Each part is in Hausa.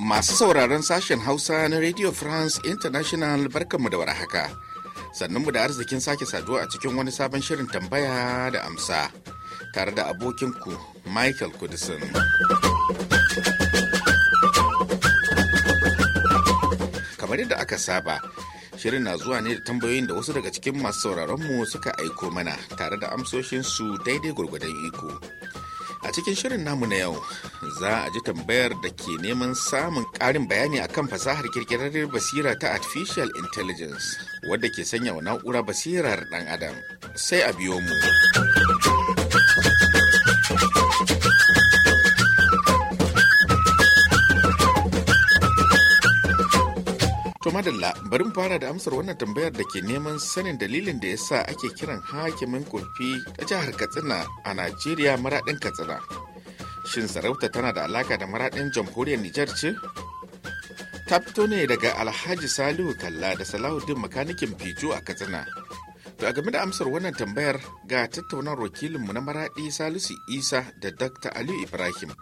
Masu sauraron sashen Hausa na Radio France International barkanmu da warhaka. Sannunmu da arzikin sake saduwa a cikin wani sabon shirin tambaya da amsa tare da abokinku Michael Kudisin. kamar yadda aka saba shirin na zuwa ne da tambayoyin da wasu daga cikin masu sauraronmu suka aiko mana tare da amsoshinsu daidai gwargwadon iko a cikin shirin namu na yau za a ji tambayar da ke neman samun ƙarin bayani akan fasahar kirkirar basira ta artificial intelligence wadda ke sanya wa na'ura basirar ɗan adam sai a biyo mu. madalla bari mu fara da amsar wannan tambayar da ke neman sanin dalilin da ya yasa ake kiran hakimin kurfi ta jihar katsina a najeriya maraɗin katsina shin sarauta tana da alaka da maraɗin jamhuriyar nijar ce ta fito ne daga alhaji salihu kalla da salahuddin makanikin fijo a katsina to a game da amsar wannan tambayar ga tattaunar wakilinmu na maraɗi salisu isa da dr aliyu ibrahim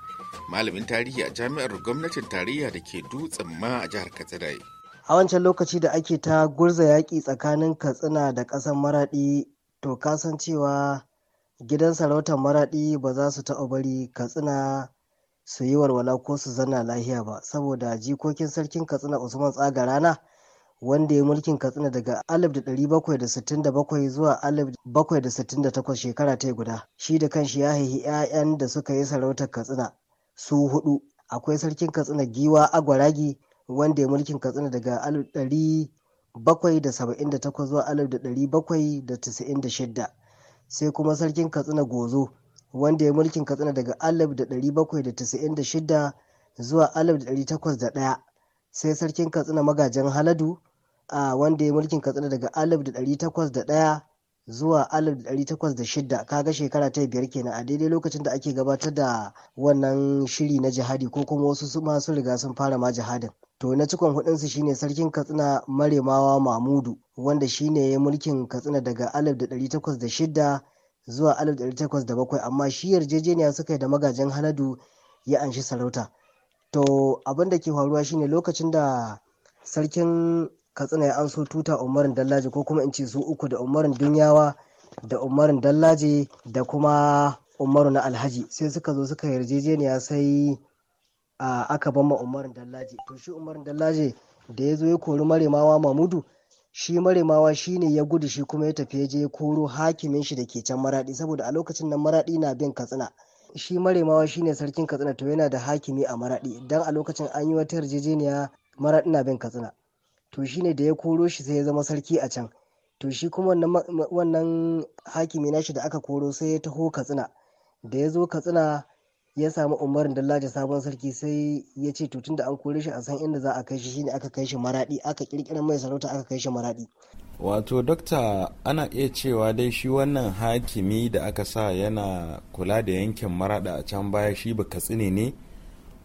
malamin tarihi a jami'ar gwamnatin tarayya da ke dutsen ma a jihar katsina a wancan lokaci da ake ta gurza yaƙi tsakanin katsina da ƙasar maraɗi to kasan cewa gidan sarautar maraɗi ba za su taɓa bari katsina su yi walwala ko su zanna lahiya ba saboda jikokin sarkin katsina usman tsaga rana wanda ya mulkin katsina daga 1767 zuwa 1768 shekara ta guda shi da kanshi ya haihi 'ya'yan da suka yi sarautar katsina su hudu akwai sarkin katsina giwa agwaragi wanda ya mulkin katsina daga alif ɗari bakwai da saba'in da takwas zuwa alif da ɗari bakwai da da shidda sai kuma sarkin katsina gozo wanda ya mulkin katsina daga alif da ɗari bakwai da da shidda zuwa alif da ɗari takwas da ɗaya sai sarkin katsina Magajen haladu a wanda ya mulkin katsina daga alif da ɗari takwas da ɗaya zuwa alif takwas da kaga shekara ta biyar kenan a daidai lokacin da ake gabatar da wannan shiri na jihadi ko kuma wasu su ma riga sun fara ma jihadin to na cikon hudunsu shine sarkin katsina maremawa mamudu wanda shine ya mulkin katsina daga alif zuwa alif bakwai amma shi yarjejeniya suka yi da magajin haladu ya anshi sarauta to abin da ke faruwa shine lokacin da sarkin katsina ya anso tuta umarin dallaji ko kuma in ce su uku da umarin dunyawa da umarin dallaji da kuma umaru na alhaji sai suka zo suka yarjejeniya sai aka bamma umarin dallaji to shi umarin dallaji da ya zo ya kori maremawa mamudu shi maremawa shi ne ya gudu shi kuma ya tafi ya je koro hakimin shi da ke can maradi saboda a lokacin nan maradi na bin katsina shi maremawa shi ne sarkin katsina to yana da hakimi a maradi dan a lokacin an yi wata yarjejeniya maradi na bin katsina to shi ne da ya koro shi sai ya zama sarki a can to shi kuma wannan hakimi nashi da aka koro sai ya taho katsina da ya zo katsina ya samu umarin laji sabon sarki sai ya ce to tunda an kore shi a san inda za a kai shi shine aka kai shi maradi aka kirkira mai sarauta aka kai shi maradi wato dokta ana iya cewa dai shi wannan hakimi da aka sa yana kula da yankin marada a can baya shi ba katsine ne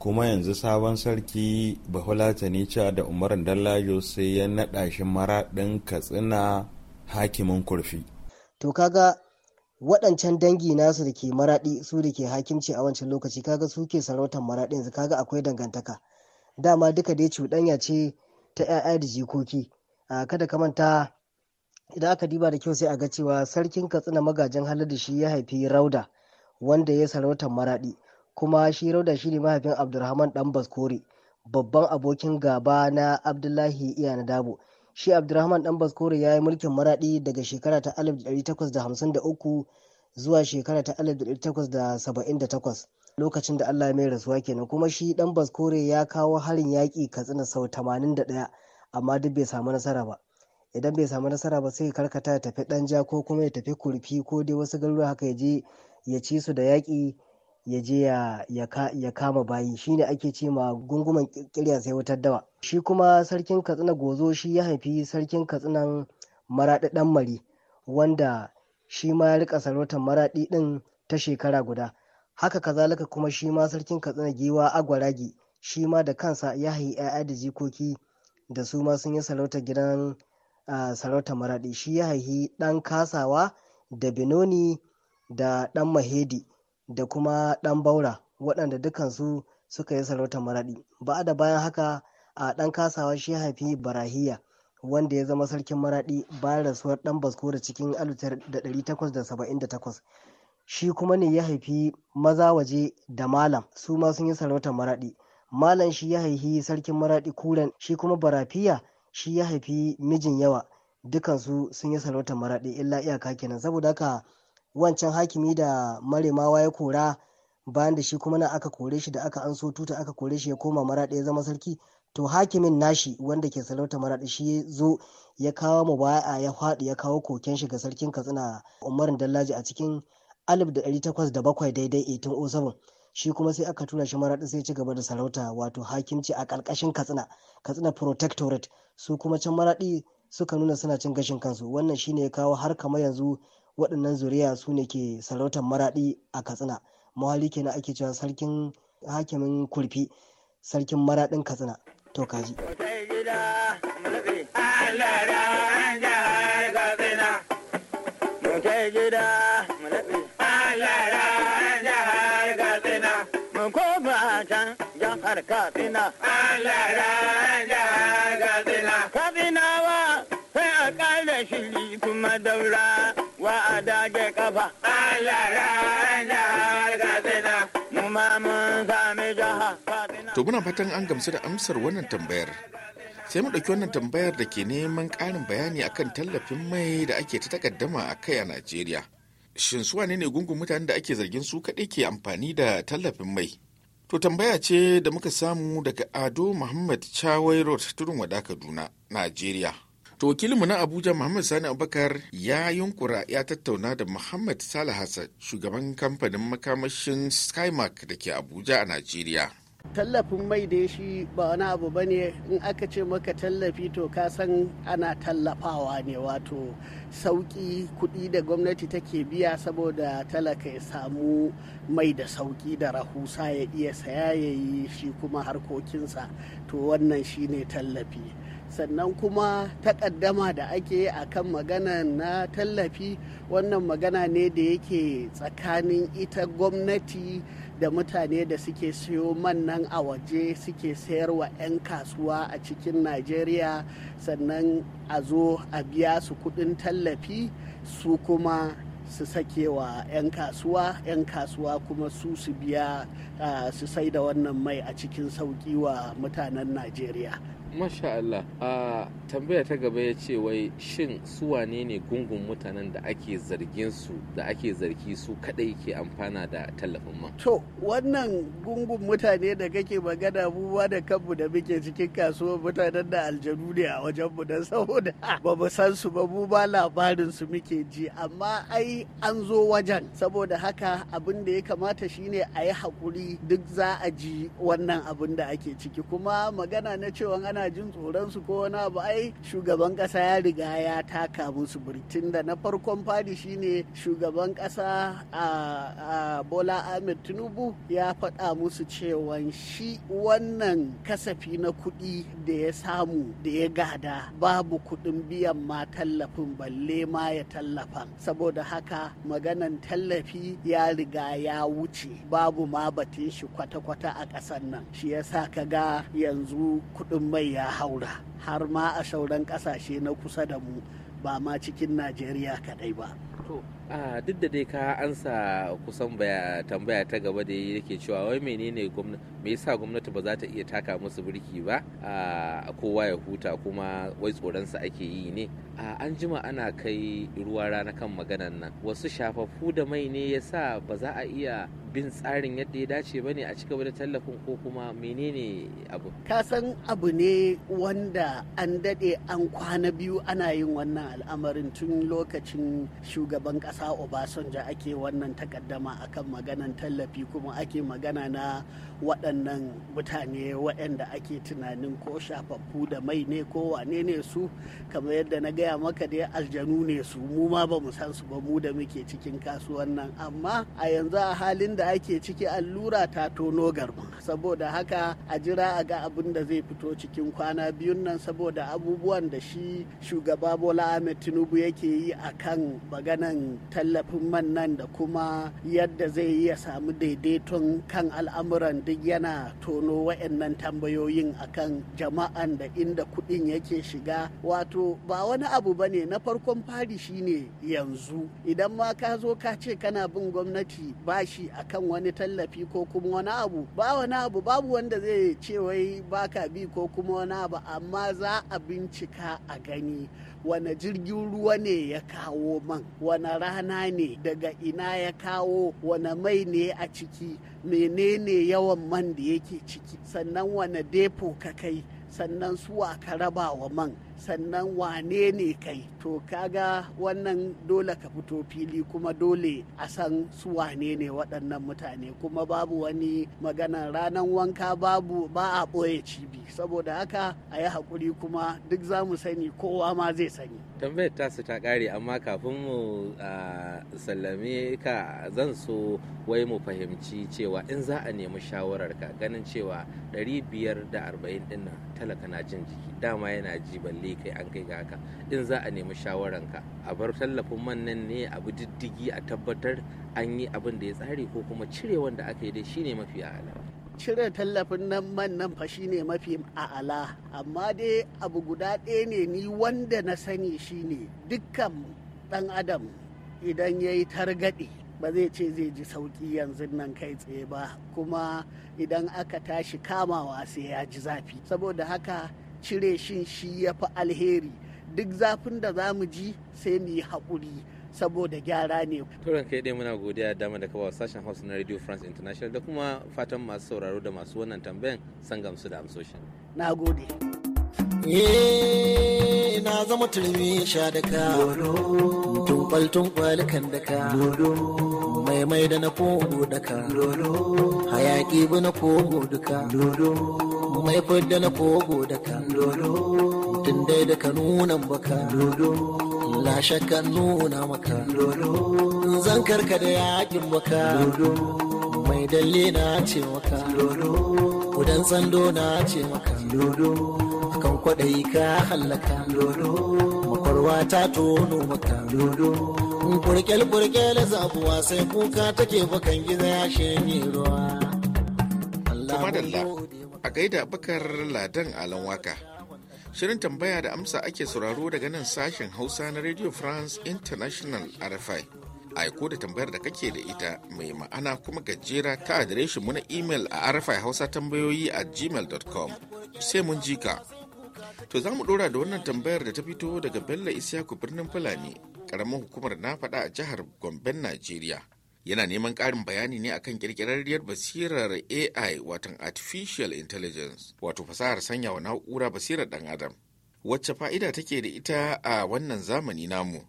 kuma yanzu sabon sarki bafulatani cewa da umarin dallajo sai ya naɗa shi maraɗin katsina hakimin kurfi to kaga waɗancan dangi nasu da ke maraɗi su da ke hakimci a wancan lokaci kaga su ke sarautar maraɗi yanzu kaga akwai dangantaka dama duka dai cuɗanya ce ta 'ya'ya da jikoki a kada ka manta idan aka diba da kyau sai a ga cewa sarkin katsina magajin halar da shi ya haifi rauda wanda ya sarautar maraɗi kuma shi Rauda shiri mahaifin Abdulrahman dan Baskore babban abokin gaba na Abdullahi na Dabo shi Abdulrahman dan Baskore ya yi mulkin Maradi daga shekara ta 1853 zuwa shekara ta 1878 lokacin da Allah mai rasuwa kenan kuma shi dan Baskore ya kawo harin yaƙi Katsina sau 81 amma duk bai samu nasara ba idan bai samu nasara ba sai karkata ya tafi danja ko kuma ya tafi kurfi ko dai wasu garuruwa haka ya je ya ci su da yaƙi ya je ya kama bayi shine ake ce ma gunguman kirya sai wutar dawa shi kuma sarkin katsina gozo shi ya haifi sarkin katsinan maraɗi ɗan mari wanda shi ma ya rika sarautar maraɗi ɗin ta shekara guda haka kazalika kuma shi ma sarkin katsina giwa agwaragi shi ma da kansa ya haifi 'ya'ya da jikoki da su ma sun yi sarautar gidan sarautar maraɗi shi ya haifi ɗan kasawa da Benoni da ɗan mahedi da kuma ɗan Baura waɗanda dukansu suka yi sarautar Maraɗi. ba da bayan haka a ɗan kasawa shi haifi Barahiya wanda ya zama sarkin Maraɗi bayan rasuwar ɗan da cikin 1878. Shi kuma ne ya haifi maza waje da Malam su ma sun yi sarautar Maraɗi. Malam shi ya haifi sarkin Maraɗi Kuren shi kuma Barafiya shi ya haifi mijin yawa dukansu sun yi sarautar Maraɗi illa iyaka kenan saboda haka wancan hakimi da maremawa ya kora bayan da shi kuma na aka kore shi da aka an so tuta aka kore shi ya koma maraɗi ya zama sarki to hakimin nashi wanda ke sarauta maraɗi shi ya zo ya kawo mu baya ya faɗi ya kawo koken shi ga sarkin katsina umarin dallaji a cikin 1807 daidai 1807 shi kuma sai aka tura shi maraɗi sai ci gaba da sarauta wato hakimci a ƙarƙashin katsina katsina protectorate su kuma can maraɗi suka nuna suna cin gashin kansu wannan shine ya kawo har kamar yanzu waɗannan zuriya su ne ke sarautar maraɗi a katsina muhalli kenan ake cewa sarkin hakimin kurfi sarkin maraɗin katsina to kaji Katsina, Allah Katsina, Katsina wa sai a ƙara shiri kuma daura. To muna fatan an gamsu da amsar wannan tambayar. Sai mu ɗauki wannan tambayar da ke neman ƙarin bayani akan tallafin mai da ake ta takaddama a kai a Najeriya. Shin su wane ne gungun mutanen da ake zargin su kaɗai ke amfani da tallafin mai? To tambaya ce da muka samu daga Ado Muhammad Chawai Road turin Wada Kaduna, Najeriya. To wakilinmu na Abuja Muhammad Sani Abubakar ya yunkura ya tattauna da Muhammad Salih Hassan shugaban kamfanin makamashin Skymark da ke Abuja a Najeriya. tallafin mai da shi ba wani abu ba ne in aka ce maka tallafi to ka san ana tallafawa ne wato sauƙi kuɗi da gwamnati take biya saboda talaka ya samu mai da sauƙi da rahusa ya iya saya ya yi shi kuma harkokinsa to wannan shi ne tallafi sannan kuma takaddama da ake yi a kan magana na tallafi wannan magana ne da yake tsakanin ita gwamnati da mutane da suke siyo man nan a waje suke sayarwa 'yan kasuwa a cikin najeriya sannan a zo a biya su kudin tallafi su kuma su sake wa 'yan kasuwa 'yan kasuwa kuma su su biya ah, su sai da wannan mai a cikin sauki wa mutanen najeriya masha Allah a tambaya ta gaba ya ce wai shin su wane ne gungun mutanen da ake zargin su da ake zargi su kadai ke amfana da tallafin man to wannan gungun mutane da kake magana buwa da kanmu da muke cikin kasuwar mutanen da aljanu ne a wajen mu saboda ba mu san su ba mu ba labarin su muke ji amma ai an zo wajen saboda haka abin da ya kamata shine a yi hakuri duk za a ji wannan abin da ake ciki kuma magana na cewa ana ana jin tsoron su ko wani abu ai shugaban kasa ya riga ya taka musu birtin da na farkon fadi shine shugaban kasa a Bola Ahmed Tinubu ya faɗa musu cewa shi wannan kasafi na kuɗi da ya samu da ya gada babu kuɗin biyan ma tallafin balle ma ya tallafa saboda haka maganan tallafi ya riga ya wuce babu ma batun shi kwata-kwata a ƙasan nan shi ya sa ka ga yanzu kuɗin mai ya haura har ma a sauran kasashe na kusa da mu ba ma cikin najeriya kadai ba. duk da dai ka ansa kusan tambaya ta gaba da yake cewa wai menene me yasa gwamnati ba za ta iya taka musu birki ba a kowa ya huta kuma wai tsoronsa ake yi ne an jima ana kai ruwa rana kan maganan nan wasu shafaffu da mai ne yasa ba za a iya bin tsarin yadda ya dace ba ne a cika tallafin ko kuma menene abu ka san abu ne wanda an dade an kwana biyu ana yin wannan al'amarin tun lokacin shugaban kasa. kasa obasanjo ake wannan takaddama akan maganan tallafi kuma ake magana na waɗannan mutane waɗanda ake tunanin ko shafaffu da mai ne ko wane ne su kamar yadda na gaya maka dai aljanu ne su mu ma ba mu san su ba mu da muke cikin kasuwan nan amma a yanzu a halin da ake ciki allura ta tono garma saboda haka a jira a ga abin da zai fito cikin kwana biyun nan saboda abubuwan da shi shugaba bola ahmed tinubu yake yi akan maganan tallafin man nan da kuma yadda zai yi ya samu daidaiton kan al'amuran duk yana tono wa'annan tambayoyin akan jama'an da inda kuɗin yake shiga wato ba wani abu ba ne na farkon fari shine yanzu idan ma ka zo ka ce kana bin gwamnati bashi akan wani tallafi ko kuma wani abu ba wani abu babu wanda zai ce wai baka bi ko kuma wani abu amma za a bincika a gani wane jirgin ruwa ne ya kawo man wane rana ne daga ina ya kawo wane mai ne a ciki menene yawan man da yake ciki sannan wane depo ka kai sannan suwa ka raba wa man sannan wane ne kai to kaga wannan dole ka fito fili kuma dole a san su wane ne waɗannan mutane kuma babu wani magana ranar wanka babu ba a ɓoye cibi saboda haka a yi haƙuri kuma duk za mu sani kowa ma zai sani tambayar tasu ta ƙare amma kafin mu sallame ka zan so wai mu fahimci cewa in za a nemi shawarar ka ganin cewa 540 ɗin nan talaka na jin jiki dama yana ji balle bai kai an kai ga haka in za a nemi shawaranka a bar tallafin man nan ne a bi diddigi a tabbatar an yi abin da ya tsare ko kuma cire wanda aka yi dai shine mafi a'ala cire tallafin nan man nan fa shine mafi a'ala amma dai abu guda ɗaya ne ni wanda na sani shine dukkan ɗan adam idan yayi yi targaɗe ba zai ce zai ji sauƙi yanzu nan kai tsaye ba kuma idan aka tashi kamawa sai ya ji zafi saboda haka cire shin shi ya fi alheri duk zafin da za mu ji sai mu yi haƙuri saboda gyara ne. Turan kai dai muna godiya dama da kawo sashen Hausa na Radio France International da kuma fatan masu sauraro da masu wannan tambayan san gamsu da amsoshin. Na gode. Eh, na zama turmi sha da ka tumbal tumbal kan da ka mai mai da na kogo da ka hayaki bu na kogo da ka mai fidda na kogo da ka tun dai da ka baka dodo lashe shakka nuna maka zan karka da yakin baka mai dalle na ce maka kudan tsando na ce maka akan kwaɗayi ka hallaka makwarwa ta tono maka burkel burkel zabuwa sai kuka take bakan gida ya shanye ruwa Allah a gaida bakar ladan alan waka shirin tambaya da amsa ake sauraro daga nan sashen hausa na radio france international rfi aiko da tambayar da kake da ita mai ma'ana kuma gajera ta adireshin mu na imel a rfi hausa tambayoyi a gmail.com sai mun ka to za mu dora da wannan tambayar da ta fito daga bello isiyaku birnin fulani karamar hukumar na faɗa a jihar gomben najeriya yana neman ƙarin bayani ne akan ƙirƙirarriyar basirar AI watan Artificial Intelligence wato fasahar sanyawa na'ura basirar ɗan adam. Wacce fa'ida take da ita a wannan zamani namu?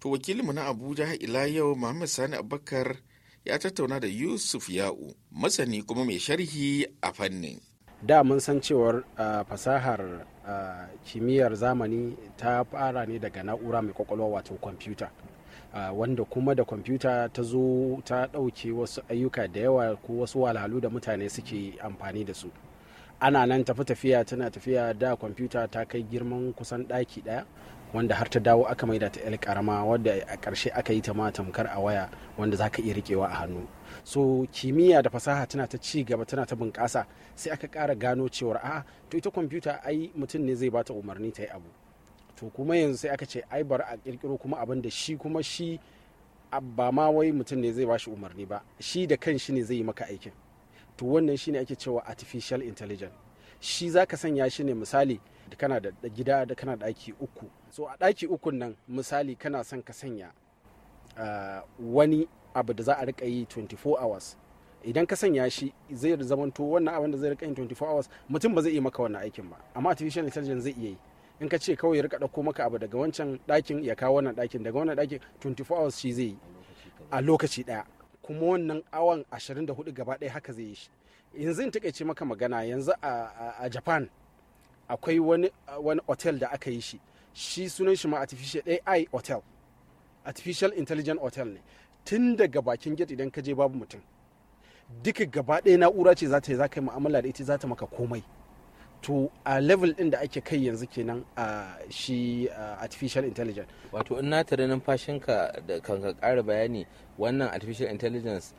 To wakilinmu na Abuja ila yau Muhammad Sani Abubakar ya tattauna da Yusuf Ya'u masani kuma mai sharhi a fannin. Da mun san cewar uh, fasahar kimiyyar zamani ta fara ne daga na'ura mai kwakwalwa wato kwamfuta wanda kuma da kwamfuta ta zo ta ɗauke wasu ayyuka da yawa ko wasu walhalu da mutane suke amfani da su ana nan tafi tafiya tana tafiya da kwamfuta ta kai girman kusan ɗaki ɗaya wanda har ta dawo aka maida ta 'yar karama wadda a ƙarshe aka yi ta ma tamkar a waya wanda za ka iya riƙewa a hannu so kimiyya da fasaha tana ta ci gaba tana ta bunƙasa sai aka ƙara gano cewar a to ita kwamfuta ai mutum ne zai bata umarni ta yi abu to kuma yanzu sai aka ce ai bari a kirkiro kuma abin da shi kuma shi ba ma wai mutum ne zai ba shi umarni ba shi da kan shi ne zai yi maka aikin to wannan shi ne ake cewa artificial intelligence shi za ka sanya shi ne misali da kana da gida da kana da ɗaki uku so a ɗaki uku nan misali kana son ka sanya uh, wani abu da za a rika yi 24 hours idan ka sanya shi zai zamanto wannan abin da zai rika yi 24 hours mutum ba zai iya maka wannan aikin ba amma artificial intelligence zai iya yi in ka ce kawai ya rika dauko maka abu daga wancan dakin ya kawo wannan dakin daga wannan dakin 24 hours shi zai yi a lokaci daya kuma wannan awan 24 gaba daya haka zai yi shi yanzu in takaice maka magana yanzu a japan akwai wani wani hotel da aka yi shi shi sunan shi ma artificial ai hotel artificial intelligent hotel ne tun daga bakin gate idan ka je babu mutum duka gaba daya na'ura ce za ta yi za ka yi mu'amala da ita za ta maka komai to a level din da ake kai yanzu kenan a shi artificial intelligence wato in na tare numfashinka da kan ka bayani wannan artificial intelligence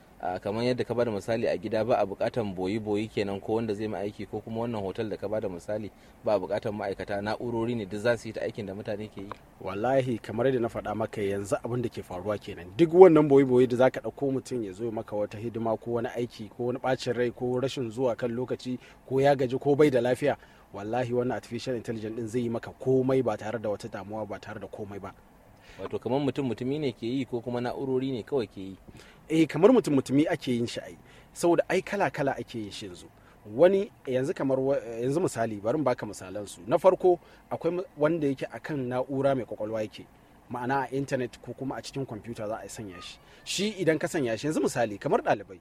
kamar yadda ka bada misali a gida ba a bukatan boyi-boyi kenan ko wanda zai aiki ko kuma wannan hotel da ka bada misali ba a bukatan ma'aikata na'urori ne duk za su yi ta aikin da mutane ke yi wallahi kamar yadda na faɗa maka yanzu abin da ke faruwa kenan duk wannan boyi-boyi da zaka ɗauko mutum ya zo maka wata hidima ko wani aiki ko wani ɓacin rai ko rashin zuwa kan lokaci ko ya gaji ko bai da lafiya wallahi wannan artificial intelligence din zai yi maka komai ba tare da wata damuwa ba tare da komai ba wato kamar mutum mutumi ne ke yi ko kuma na'urori ne kawai ke yi eh kamar mutum mutumi ake yin shi ai saboda ai kala kala ake yin shi yanzu wani yanzu kamar yanzu misali bari baka misalan su na farko akwai wanda yake akan na'ura mai kwakwalwa yake ma'ana a intanet ko kuma a cikin kwamfuta za a sanya shi shi idan ka sanya shi yanzu misali kamar ɗalibai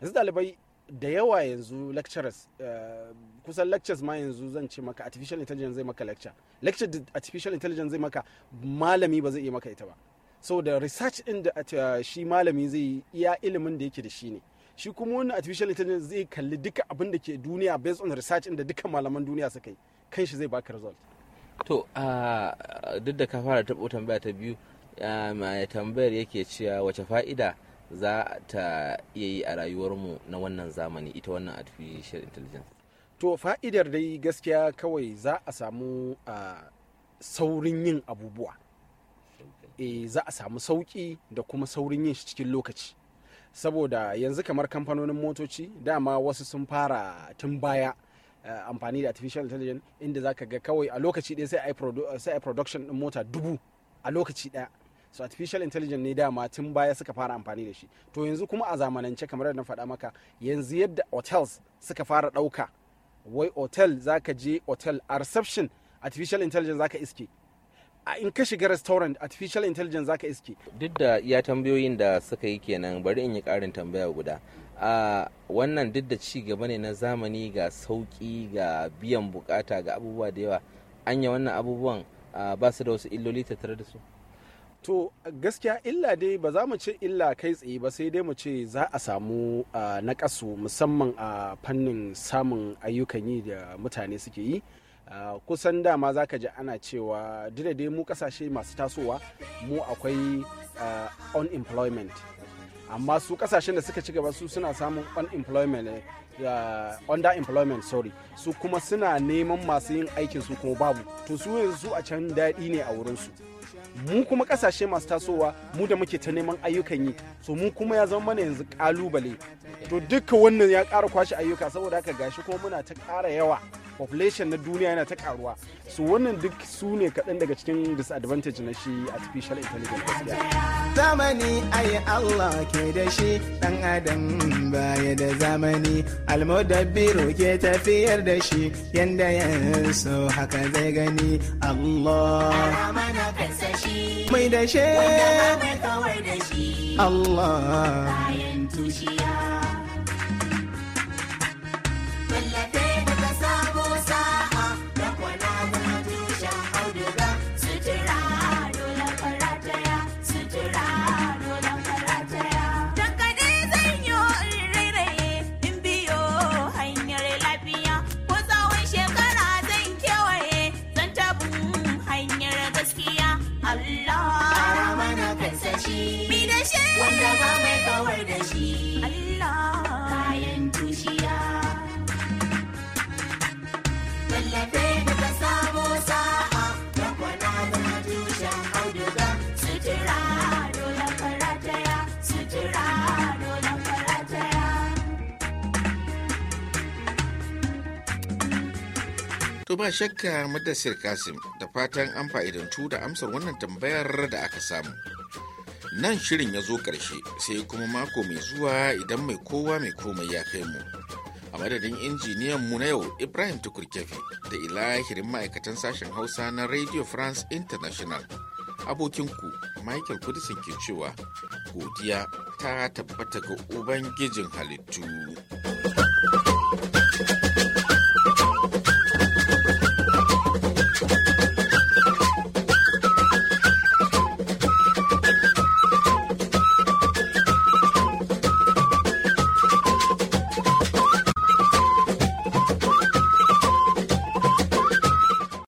yanzu ɗalibai da yawa yanzu lecturers eh, kusan lectures ma yanzu zan ce maka artificial intelligence zai maka lecture lecture da artificial intelligence zai maka malami ba zai iya maka ita ba da research din da uh, shi malami zai iya ilimin da yake da shi ne shi kuma wani artificial intelligence zai kalli duka abin da ke duniya based on research da duka malaman duniya suka yi kan shi zai baka result to uh, duk da ka fara taɓo tambaya ta biyu mai um, tambayar yake cewa wace fa'ida za ta iya yi a rayuwarmu na wannan zamani ita wannan artificial intelligence to fa'idar dai gaskiya kawai za a samu uh, saurin yin abubuwa E za a samu sauki da kuma saurin yin shi cikin lokaci saboda yanzu kamar kamfanonin motoci dama wasu sun fara tun baya eh, amfani da artificial intelligence inda za ka ga kawai a lokaci ɗaya sai a production ɗin mota dubu a lokaci ɗaya so artificial intelligence ne dama tun baya suka fara amfani da shi to yanzu kuma a zamanance kamar yadda na faɗa maka yanzu yadda hotels suka fara ɗauka wai za ka je otal a reception artificial intelligence ka iske in ka shiga restaurant artificial intelligence zaka iske duk da ya tambayoyin da suka yi kenan bari in yi karin tambaya guda a wannan duk da ci gaba ne na zamani ga sauki ga biyan bukata ga abubuwa da yawa anya wannan abubuwan ba su da wasu illoli tattare da su to gaskiya illa dai ba za mu ce illa kai tsaye ba sai dai mu ce za a samu nakasu musamman a fannin samun ayyukan yi da mutane suke yi kusan dama za ka ji ana cewa duk dai mu kasashe masu tasowa mu akwai unemployment amma su kasashen da suka ci gaba su suna samun unemployment uh, underemployment sorry su kuma suna neman masu yin aikin su kuma babu to su yanzu a can daɗi ne a wurinsu mu kuma kasashe masu tasowa mu da muke ta neman ayyukan yi so mu kuma ya zama mana yanzu kalubale to duka wannan ya ƙara kwashe ayyuka saboda haka gashi kuma muna ta ƙara yawa population na duniya yana ta karuwa su wannan duk su ne kaɗan daga cikin disadvantage na shi artificial intelligence gaskiya zamani ayi Allah ke da shi dan adam baya da zamani almudabbiru ke tafiyar da shi yanda ya so haka zai gani Allah mai da shi Allah bayan tushe za mai kawar da shi Allah kayan tushiya wallafe da ka samo sa'a da kwana zama tushen auduga sutura dole farataya sutura dole farataya To ba shakka madasir Kasim da fatan an fa'idantu da amsar wannan tambayar da aka samu. nan shirin ya zo ƙarshe sai kuma mako mai zuwa idan mai kowa mai komai ya kai mu a madadin injiniyan mu na yau ibrahim tukurkefe da ilahirin ma'aikatan sashen hausa na radio france international abokinku michael kudisin ke cewa godiya ta tabbata ga ubangijin halittu